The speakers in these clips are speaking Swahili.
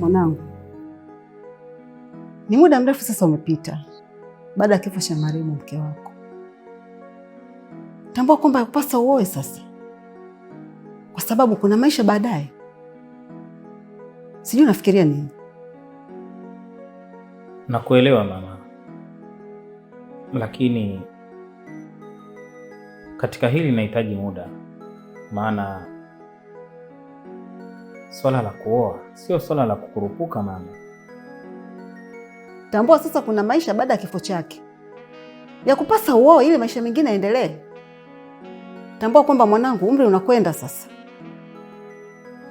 Mwanangu, ni muda mrefu sasa umepita baada ya kifo cha marehemu mke wako. Tambua kwamba yakupasa uoe sasa, kwa sababu kuna maisha baadaye. Sijui unafikiria nini? Nakuelewa mama, lakini katika hili nahitaji muda, maana swala la kuoa sio swala la kukurupuka mama. Tambua sasa kuna maisha baada ya kifo chake, ya kupasa uoe ili maisha mengine yaendelee. Tambua kwamba mwanangu, umri unakwenda sasa,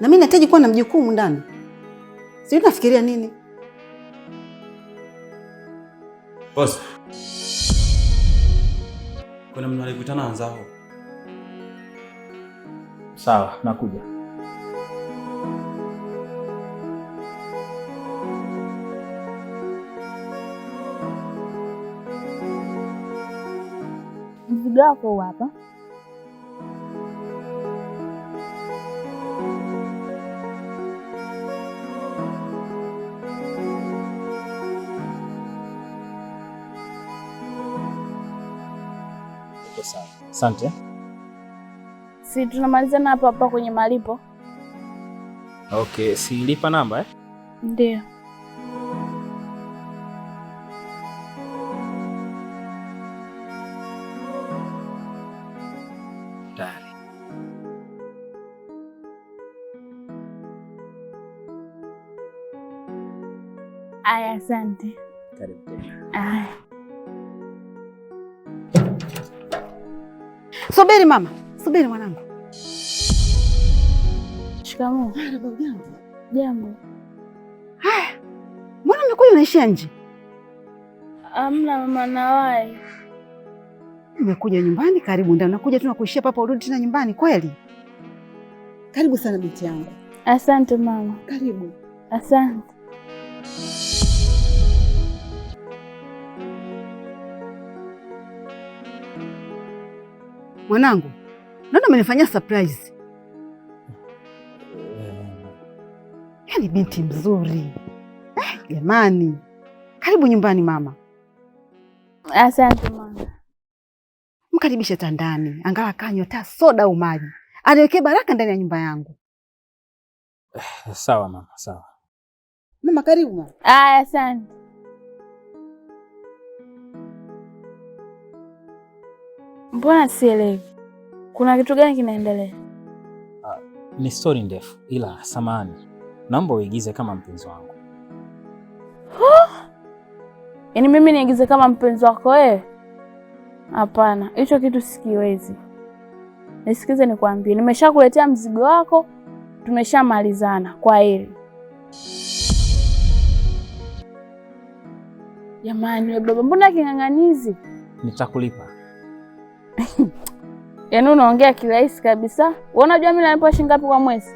na mimi nahitaji kuwa na mjukumu ndani. Sijui nafikiria nini boss. Kuna mtu alikutana Sawa, nakuja. Mzigo wako huu hapa. Asante. Si tunamalizana hapa hapa kwenye malipo? Okay, silipa namba eh? Ndio. Aya, asante. Karibu tena. Aya. Subiri mama, subiri mwanangu. Shikamoo. Jambo. Ah, Jambo. Haya, mbona umekuja unaishia nje? Amna mama, nawai umekuja nyumbani. Karibu ndio nakuja tu nakuishia papa, urudi tena nyumbani kweli. Karibu sana binti yangu. Asante mama. Karibu. Asante. Mwanangu, naona umenifanyia surprise. Yaani binti mzuri eh, jamani, eh, karibu nyumbani mama. Asante mama. Mkaribishe tandani, angalau kanywa ta soda au maji, aniwekee baraka ndani ya nyumba yangu. Eh, sawa mama, sawa mama, karibu mama. Aya, asante. Mbona sielewi, kuna kitu gani kinaendelea? Uh, ni stori ndefu, ila samahani, naomba uigize kama mpenzi wangu. Yaani mimi niigize kama mpenzi wako wewe? Hapana, hicho kitu sikiwezi. Nisikize nikwambie, nimeshakuletea mzigo wako, tumeshamalizana. Kwa heri. Jamani we baba, mbona king'ang'anizi? Nitakulipa. Yaani unaongea kirahisi kabisa. Wewe unajua mimi nalipwa shilingi ngapi kwa mwezi?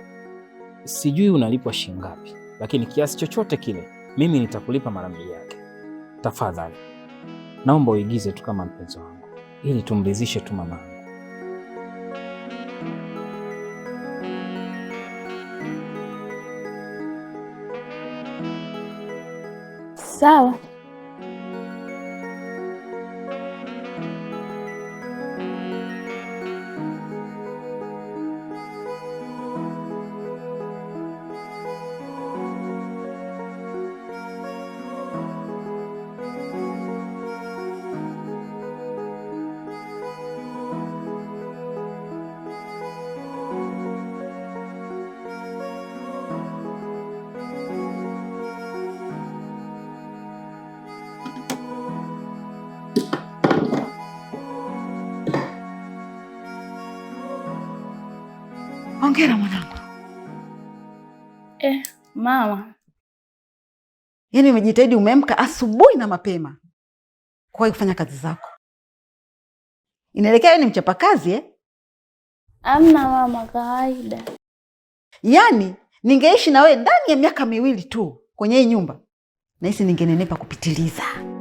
Sijui unalipwa shilingi ngapi, lakini kiasi chochote kile mimi nitakulipa mara mbili yake. Tafadhali naomba uigize tu kama mpenzi wangu, ili tumridhishe tu mama. Sawa. Mama, yaani umejitahidi, umeamka asubuhi na mapema kuwahi kufanya kazi zako, inaelekea ni kazi eh? Amna mama, kawaida. Yaani ningeishi na wewe ndani ya miaka miwili tu kwenye hii nyumba, nahisi ningenenepa kupitiliza.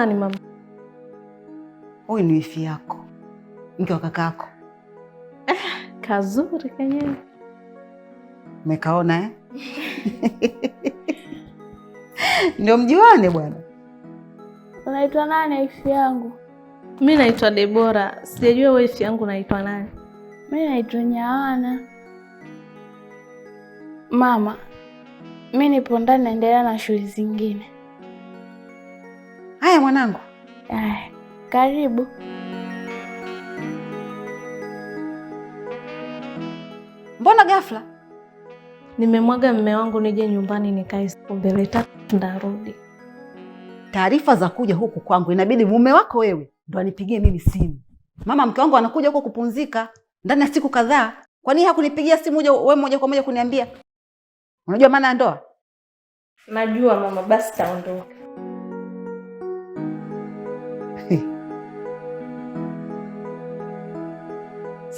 nani mama? Huyu ni wifi yako, mke wa yako. Eh, kazuri kenyewe mekaona eh? Ndio mjuane bwana. Unaitwa nani wifi yangu? Mi naitwa Debora, sijajua wifi yangu naitwa nani. Mi naitwa nyawana Mama, mi nipo ndani, naendelea na shughuli zingine. Haya mwanangu. Ay, karibu. Mbona ghafla? Nimemwaga mme wangu nije nyumbani nikae siku mbele tatu ndarudi. Taarifa za kuja huku kwangu inabidi mume wako wewe ndo anipigie mimi simu. Mama mke wangu anakuja huko kupumzika ndani ya siku kadhaa. Kwa nini hakunipigia simu moja wewe moja kwa moja kuniambia? Unajua maana ya ndoa? Najua mama, basi taondoka.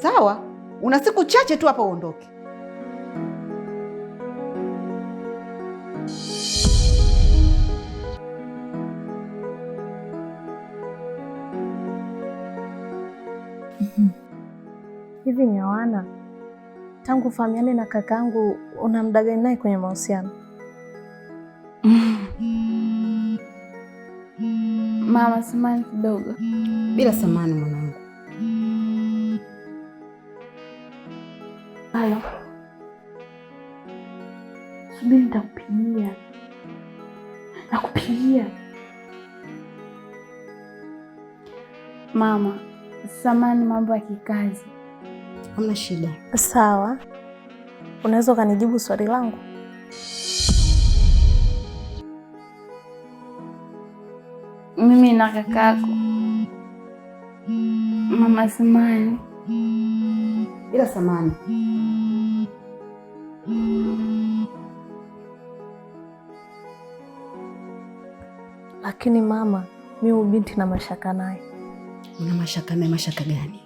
Sawa, una siku chache tu hapa uondoke. Hivi Nyoana, tangu ufahamiane na kakaangu una muda gani naye kwenye mahusiano? Mama, samani kidogo. Bila samani mwana mimi nitakupigia, nakupigia mama. Samani mambo ya kikazi. Hamna shida. Sawa, unaweza ukanijibu swali langu? Mimi na kakako mama Samani. Ila Samani Lakini mama, mimi binti na mashaka naye. Una mashaka naye? Mashaka gani?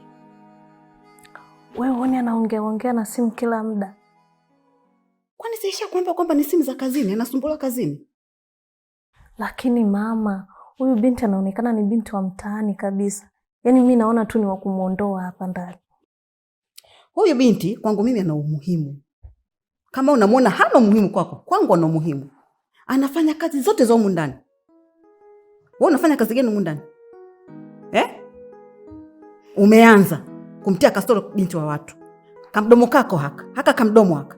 Wewe uone anaongea ongea na simu kila muda. Kwani siisha kuambia kwamba ni simu za kazini, anasumbula kazini? Lakini mama, huyu binti anaonekana ni binti wa mtaani kabisa. Yaani mimi naona tu ni wa kumuondoa hapa ndani. Huyu binti kwangu mimi ana umuhimu. Kama unamwona hana umuhimu kwako, kwangu ana umuhimu. Anafanya kazi zote za humu ndani. Wewe unafanya kazi gani mundani eh? Umeanza kumtia kasoro binti wa watu, kamdomo kako haka haka, kamdomo haka.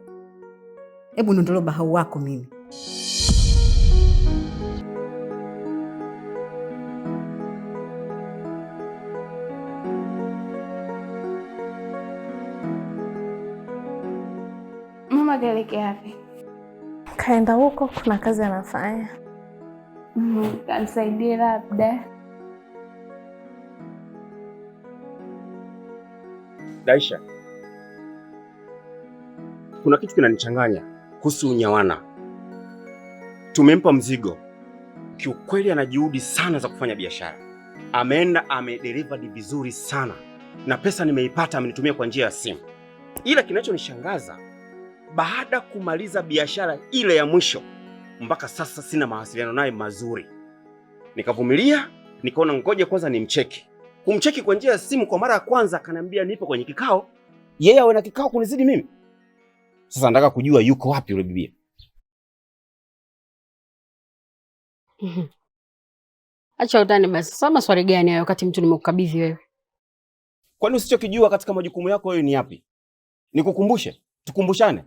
Hebu niondoleo bahau wako mimi. Mama kaenda huko, kuna kazi anafanya kanisaidie labda. Daisha, kuna kitu kinanichanganya kuhusu Nyawana. Tumempa mzigo, kiukweli ana juhudi sana za kufanya biashara, ameenda amedelivered vizuri sana na pesa nimeipata, amenitumia kwa njia ya simu, ila kinachonishangaza baada kumaliza biashara ile ya mwisho mpaka sasa sina mawasiliano naye mazuri. Nikavumilia, nikaona ngoja kwanza nimcheki. Kumcheki kwa njia ya simu kwa mara ya kwanza, akaniambia nipo kwenye kikao. Yeye awe na kikao kunizidi mimi. Sasa nataka kujua yuko wapi yule bibi. Acha utani basi. Sasa maswali gani hayo wakati mtu nimekukabidhi wewe? Kwani usichokijua katika majukumu yako wewe ni yapi? Nikukumbushe, tukumbushane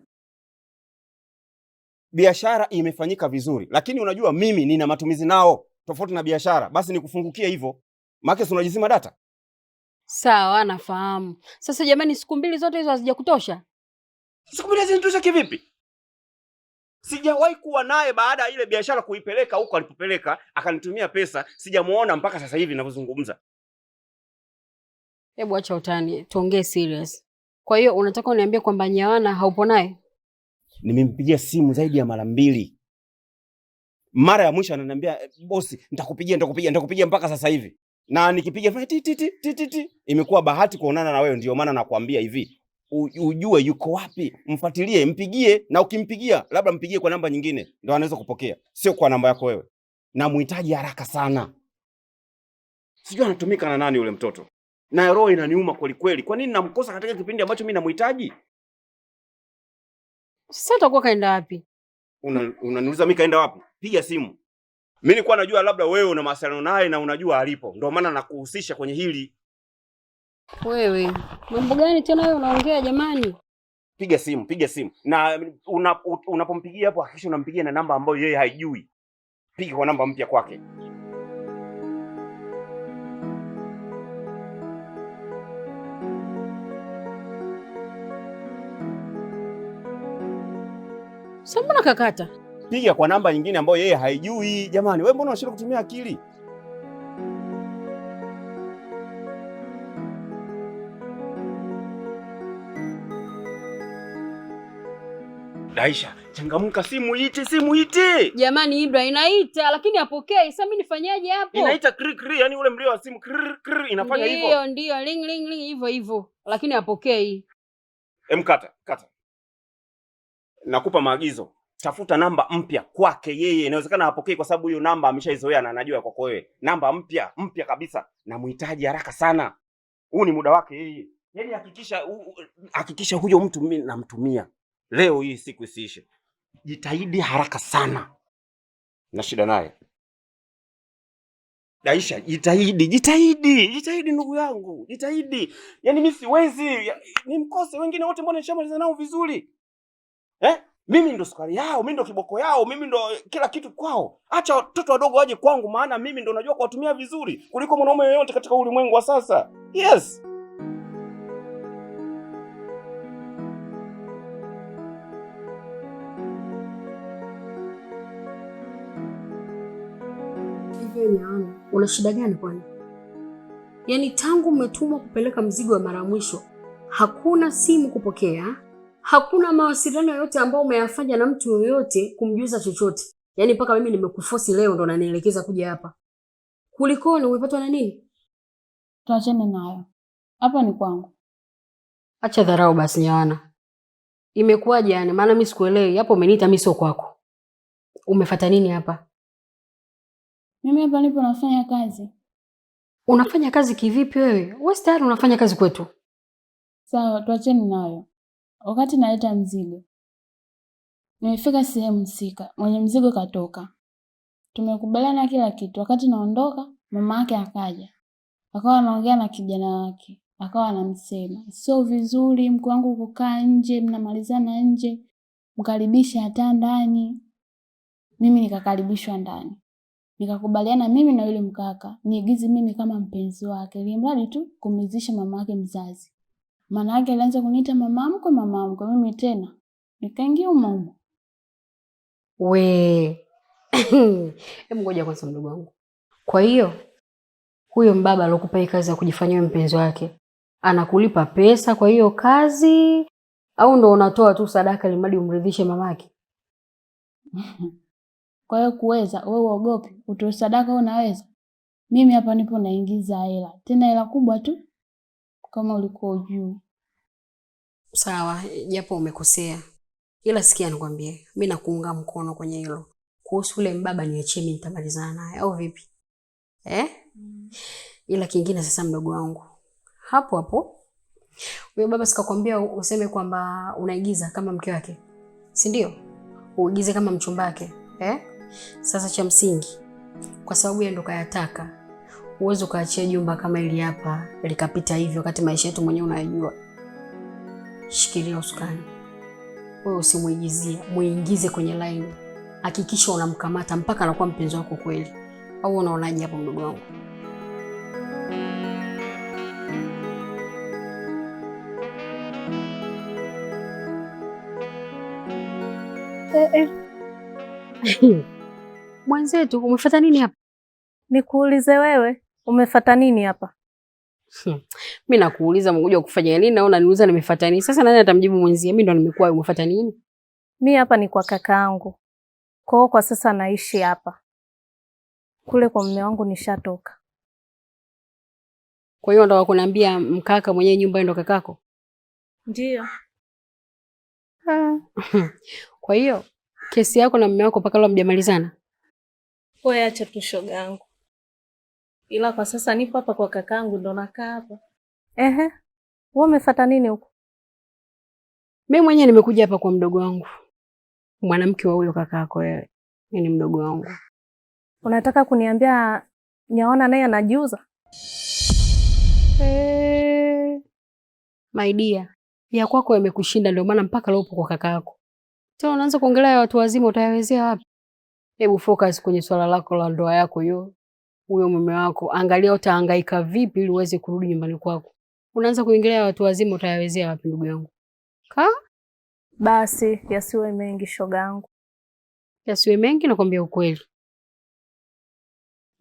biashara imefanyika vizuri, lakini unajua mimi nina matumizi nao tofauti na biashara, basi nikufungukie hivyo, maana unajizima data. Sawa, nafahamu. Sasa jamani, siku mbili zote hizo hazijakutosha? Siku mbili hazinitosha kivipi? Sijawahi kuwa naye baada ya ile biashara kuipeleka huko alipopeleka, akanitumia pesa, sijamuona mpaka sasa hivi ninavyozungumza. Hebu acha utani, tuongee serious. Kwa hiyo unataka uniambie kwamba Nyawana haupo naye? Nimempigia simu zaidi ya mara mbili. Mara ya mwisho ananiambia bosi, nitakupigia nitakupigia nitakupigia mpaka sasa hivi, na nikipiga ti ti ti ti ti. Imekuwa bahati kuonana na wewe, ndio maana nakwambia hivi, ujue yuko wapi, mfuatilie, mpigie, na ukimpigia labda mpigie kwa namba nyingine, ndio anaweza kupokea, sio kwa namba yako wewe. Namhitaji haraka sana, sijui anatumika na nani yule mtoto, na roho inaniuma kweli kweli. Kwa nini namkosa katika kipindi ambacho mimi namhitaji? Sasa utakuwa kaenda wapi? Unaniuliza una mi kaenda wapi? Piga simu. Mi nilikuwa najua labda wewe una mawasiliano naye na unajua alipo, ndio maana nakuhusisha kwenye hili. Wewe mambo gani tena wewe unaongea jamani? Piga simu, piga simu na unapompigia una hapo hakikisha unampigia na namba ambayo yeye haijui. Piga kwa namba mpya kwake. Sambona kakata, piga kwa namba nyingine ambayo yeye haijui. Jamani, wewe mbona unashindwa kutumia akili? Daisha, changamka, simu ite, simu ite. Jamani Ibra, inaita lakini apokei. Sasa mimi nifanyaje hapo? Inaita kri kri, yani ule mlio wa simu kri kri inafanya hivyo. Ndio, ndio, ling ling ling hivyo hivyo. Lakini apokei. Em, kata, kata nakupa maagizo, tafuta namba mpya kwake yeye. Inawezekana hapokei kwa sababu hiyo namba ameshaizoea na anajua kwako wewe. Namba mpya mpya kabisa, namhitaji haraka sana, huu ni muda wake yeye. Yani hakikisha hakikisha huyo mtu mimi namtumia leo hii, siku isiishe. Jitahidi haraka sana na shida naye Daisha, jitahidi jitahidi jitahidi, ndugu yangu, jitahidi. Yaani mimi siwezi nimkose. Wengine wote mbona nishamaliza nao vizuri eh? Mimi ndo sukari yao, mimi ndo kiboko yao, mimi ndo kila kitu kwao. Acha watoto wadogo waje kwangu, maana mimi ndo najua kuwatumia vizuri kuliko mwanaume yoyote katika ulimwengu wa sasa. Yes. Una shida gani kwani? Yaani tangu umetumwa kupeleka mzigo wa mara mwisho hakuna simu kupokea hakuna mawasiliano yote ambayo umeyafanya na mtu yoyote kumjuza chochote. Yaani mpaka mimi nimekufosi leo ndo nanielekeza kuja hapa. Kulikoni, umepatwa na nini? Tuachane nayo. Hapa ni kwangu. Acha dharau basi Nyawana. Imekuwaje yani? Maana mi sikuelewi. Hapo umeniita mi sio kwako. Umefata nini hapa? Mimi hapa nipo nafanya kazi. Unafanya kazi kivipi wewe? Wewe tayari unafanya kazi kwetu. Sawa, tuachane nayo. Wakati naleta mzigo, nimefika sehemu sika, mwenye mzigo katoka, tumekubaliana kila kitu. Wakati naondoka, mama yake akaja, akawa anaongea na kijana wake, akawa anamsema sio vizuri mke wangu kukaa nje, mnamalizana nje, mkaribishe hata ndani. Mimi nikakaribishwa ndani, nikakubaliana mimi na yule mkaka niigize mimi kama mpenzi wake, mradi tu kumridhisha mama yake mzazi yake alianza kuniita mama mkwe, mama mkwe, mimi tena nikaingia umo We hebu ngoja kwanza, mdogo wangu. Kwa hiyo huyo mbaba alokupa hii kazi ya kujifanyia mpenzi wake anakulipa pesa kwa hiyo kazi, au ndo unatoa tu sadaka limradi umridhishe mamake? Kwa hiyo kuweza wewe uogopi utoe sadaka? Unaweza, mimi hapa nipo naingiza hela, tena hela kubwa tu kama ulikuwa ujuu. Sawa, japo umekosea, ila sikia nikwambie, mi nakuunga mkono kwenye hilo. Kuhusu ule mbaba niachie, mi nitamalizana naye, au vipi eh? Mm. Ila kingine sasa, mdogo wangu, hapo hapo huyo baba sikakwambia useme kwamba unaigiza kama mke wake, si ndio? Uigize kama mchumba wake eh? Sasa cha msingi, kwa sababu yeye ndo kayataka Huwezi ukaachia jumba kama ili hapa likapita hivyo, wakati maisha yetu mwenyewe unayajua. Shikilia usukani, wewe usimuigizie muingize kwenye laini. Hakikisha unamkamata mpaka anakuwa mpenzi wako kweli. Au unaonaje hapo, mdogo wangu? Eh, eh. Mwenzetu umefata nini hapa? Nikuulize wewe Umefata nini hapa? Hmm. Mi nakuuliza mkuja kufanya nini? Naona niuliza nimefata nini? Sasa nani atamjibu mwenzie? Mi ndo nimekuwa umefata nini? Mi hapa ni kwa kakaangu kwao, kwa sasa naishi hapa, kule kwa mume wangu nishatoka. Kwa hiyo ndo kuniambia mkaka mwenyewe nyumba ndo kakako? Ndio. Kwa hiyo kesi yako na mume wako mpaka leo mjamalizana? Wewe acha tu yangu, ila kwa sasa nipo hapa kwa kakangu, ndo nakaa hapa. Ehe, wewe umefuata nini huko? Mimi mwenyewe nimekuja hapa kwa mdogo wangu, mwanamke wa huyo kakako. Wewe ni mdogo wangu, unataka kuniambia nyaona naye anajiuza? My dear, ya kwako yamekushinda, ndio maana mpaka leo upo kwa kakaako. Sasa unaanza kuongelea watu wazima, utayawezea wapi? Hebu focus kwenye swala lako la ndoa yako hiyo huyo mume wako, angalia utahangaika vipi ili uweze kurudi nyumbani kwako. Unaanza kuingilia watu wazima, utayawezea wapi ndugu yangu? Ka basi yasiwe mengi, shoga yangu, yasiwe mengi. Nakwambia ukweli,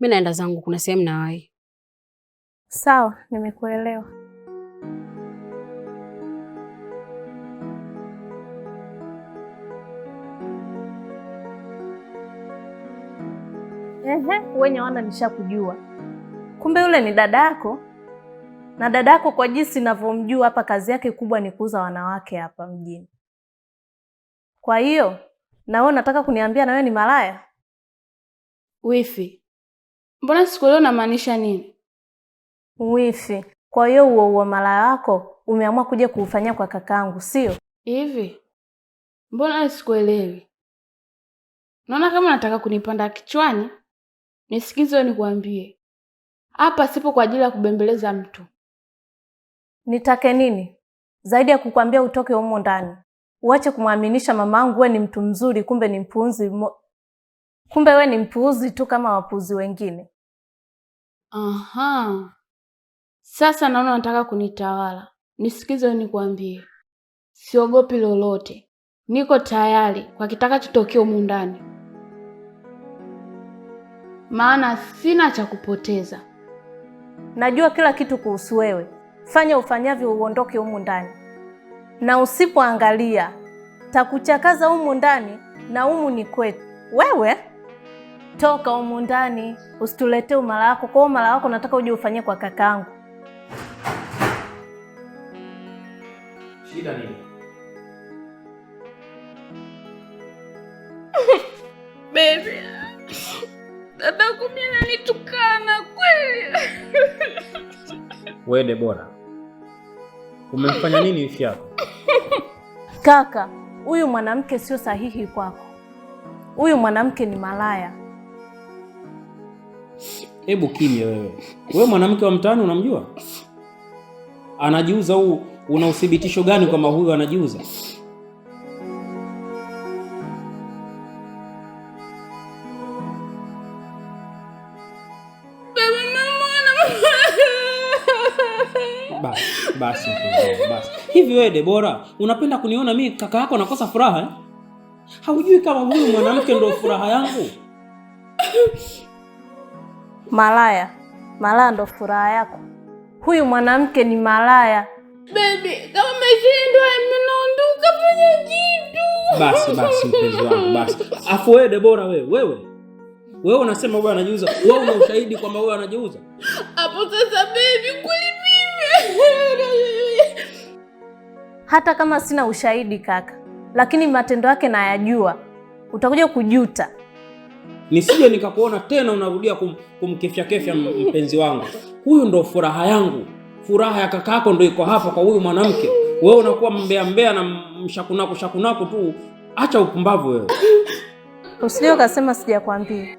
mi naenda zangu, kuna sehemu nawai. Sawa, nimekuelewa. ehe, wana Nyawana, nishakujua. Kumbe yule ni dadako, na dadako kwa jinsi ninavyomjua hapa, kazi yake kubwa ni kuuza wanawake hapa mjini. Kwa hiyo na wewe unataka kuniambia na wewe ni malaya? Wifi, mbona sikuelewa namaanisha nini? Wifi, kwa hiyo huo huo malaya wako umeamua kuja kuufanyia kwa kakaangu, sio hivi? Mbona sikuelewi? Naona kama nataka kunipanda kichwani. Nisikizwe nikuambie, hapa sipo kwa ajili ya kubembeleza mtu. Nitake nini zaidi ya kukwambia utoke humo ndani, uache kumwaminisha mamangu we ni mtu mzuri, kumbe ni mpuuzi mo... kumbe we ni mpuuzi tu kama wapuuzi wengine. Aha, sasa naona nataka kunitawala. Nisikizwe nikuambie, siogopi lolote, niko tayari kwa kitakacho tokea humu ndani maana sina cha kupoteza. Najua kila kitu kuhusu wewe. Fanya ufanyavyo, uondoke humu ndani, na usipoangalia takuchakaza humu ndani, na humu ni kwetu. Wewe toka humu ndani, usituletee umala wako. Kwa umala wako nataka uje ufanyie kwa kakaangu. Shida nini? Baby. Baba Kumi ananitukana kweli. Wewe Debora, umemfanya nini wifi yako? Kaka, huyu mwanamke sio sahihi kwako. Huyu mwanamke ni malaya. Hebu kimya wewe. Wewe mwanamke wa mtaani unamjua? Anajiuza huu, una uthibitisho gani kwamba huyu anajiuza? Hivi wewe Debora, unapenda kuniona mimi kaka yako nakosa furaha eh? Haujui kama huyu mwanamke ndio furaha yangu? Malaya, malaya ndo furaha yako? Huyu mwanamke ni malaya. Baby, kama umeshindwa mnaondoka, fanya kitu. Basi basi mpenzi wangu, basi. Afu wewe Debora, wewe wewe wewe unasema wewe anajiuza, wewe una ushahidi kwamba wewe anajiuza hapo? Sasa baby, kweli mimi hata kama sina ushahidi kaka, lakini matendo yake nayajua. Utakuja kujuta. Nisije nikakuona tena unarudia kum, kumkefyakefya mpenzi wangu. Huyu ndo furaha yangu, furaha ya kaka yako ndo iko hapa kwa huyu mwanamke. Wewe unakuwa mbea mbea na mshakunako shakunako tu, acha upumbavu wewe. Usije ukasema sijakwambia.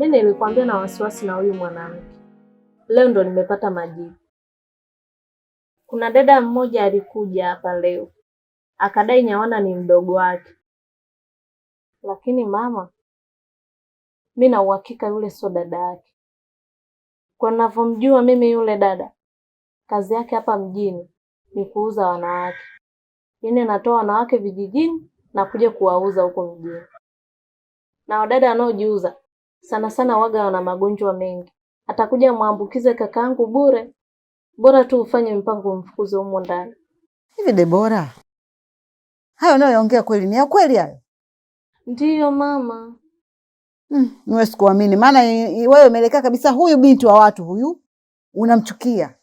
Mi nilikwambia na wasiwasi na huyu mwanamke, leo ndo nimepata majibu. Kuna dada mmoja alikuja hapa leo akadai Nyawana ni mdogo wake, lakini mama, mi na uhakika yule sio dada yake. Kwa ninavyomjua mimi yule dada, kazi yake hapa mjini ni kuuza wanawake, yaani anatoa wanawake vijijini na kuja kuwauza huko mjini, na wadada wanaojiuza sana sana waga wana magonjwa mengi, atakuja mwambukize kakaangu bure. Bora tu ufanye mpango umfukuze humo ndani. Hivi Debora, hayo unayoongea kweli ni ya kweli hayo? Ndiyo mama. Mm, niwe sikuamini, maana wewe umeelekea kabisa, huyu binti wa watu huyu unamchukia.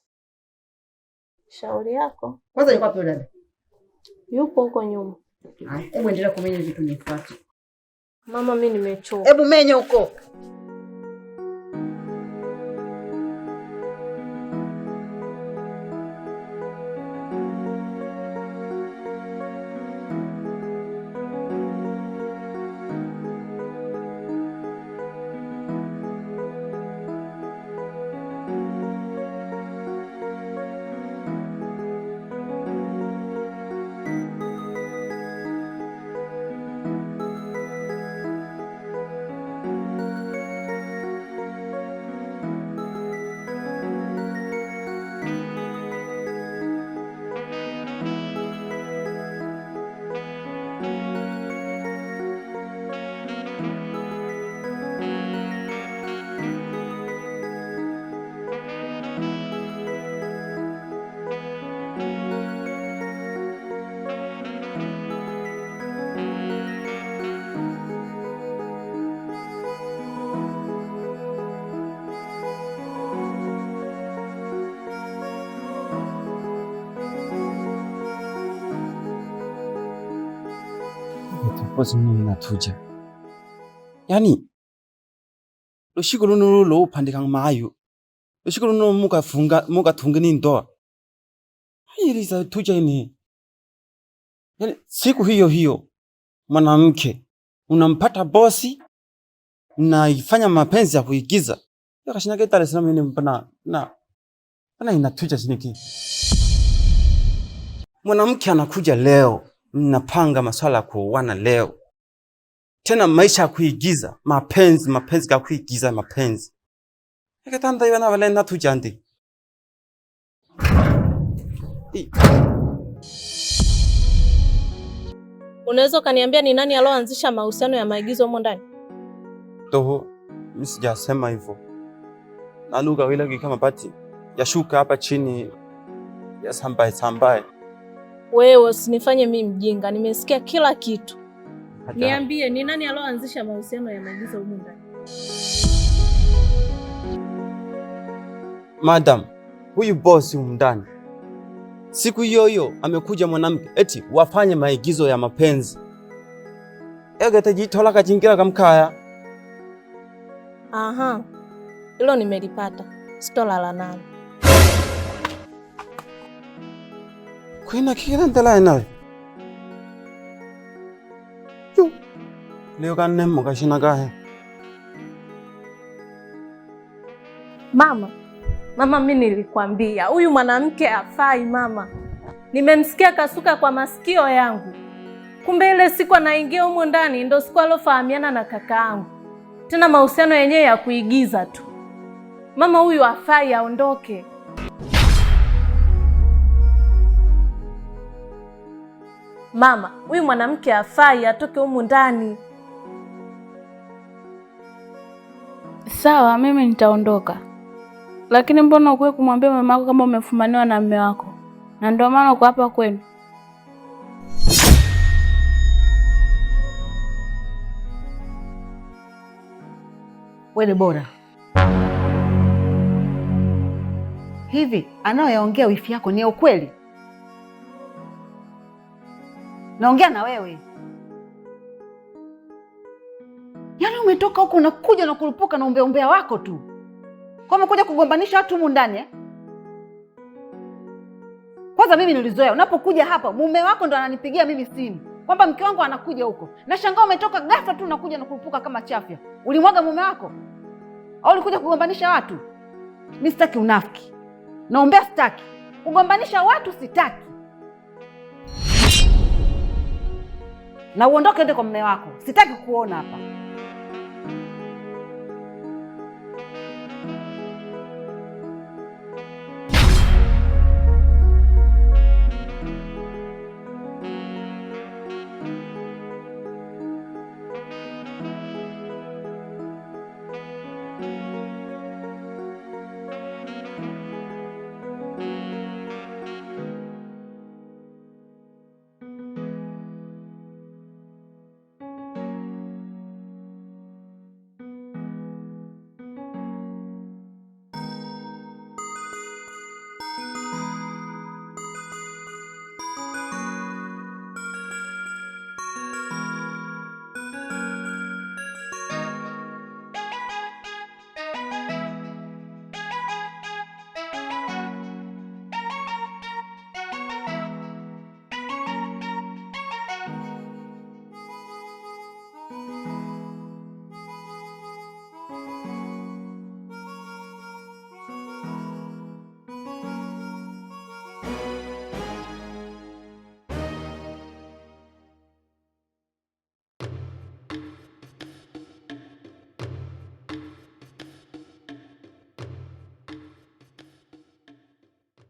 Shauri yako. Kwanza yuko wapi dada? Yupo huko nyuma. Hebu endelea kumenya vitu nifuate. Mama, mimi nimechoka. Hebu menya huko. zimwe yaani yani lushiko luno lulo upandika mayu muka funga muka mukatunge ni ndoa hailiza tuja ini yani siku hiyo hiyo mwanamke unampata bosi naifanya mapenzi ya kuigiza yakashinake Dar es Salaam ini pana na pana inatuja siniki mwanamke anakuja leo mnapanga maswala ya kuoana leo tena, maisha ya kuigiza mapenzi, mapenzi ya kuigiza mapenzi ekatandaiwana Unaweza ukaniambia ni nani aloanzisha mahusiano ya maigizo humo ndani? Toho, mimi sijasema hivyo. Nanuga wile kama bati yashuka hapa chini yasambae sambaye wewe usinifanye mimi mjinga, nimesikia kila kitu. Niambie, ni nani aloanzisha mahusiano ya maigizo humu ndani? Madam, huyu bosi humu ndani siku hiyo hiyo amekuja mwanamke eti wafanye maigizo ya mapenzi egetegitola kachingira kamkaya. Aha, hilo nimelipata, sitolala nalo. കുയിനക്കിങ്ങനെ എന്നാ Leo makashi na Mama, mama, mi nilikwambia huyu mwanamke afai mama. Nimemsikia kasuka kwa masikio yangu, kumbe ile siku anaingia humo ndani ndo siku alofahamiana na kakaangu, tena mahusiano yenyewe ya kuigiza tu. Mama, huyu afai aondoke. mama, huyu mwanamke afai, atoke humu ndani. Sawa, mimi nitaondoka, lakini mbona ukuwe kumwambia mama yako kama umefumaniwa na mme wako? Na ndio maana uko hapa kwenu. Wewe bora hivi anayoyaongea wifi yako ni ya ukweli? naongea na wewe. Yaani umetoka huko unakuja na kulupuka na umbea wako tu, kwa umekuja kugombanisha watu humu ndani eh? Kwanza mimi nilizoea, unapokuja hapa mume wako ndo ananipigia mimi simu kwamba mke wangu anakuja huko. Nashangaa umetoka ghafla tu unakuja na kulupuka kama chafya. Ulimwaga mume wako au ulikuja kugombanisha watu? Mi sitaki unafiki, naombea, sitaki kugombanisha watu, sitaki na uondoke, ende kwa mume wako, sitaki kuona hapa.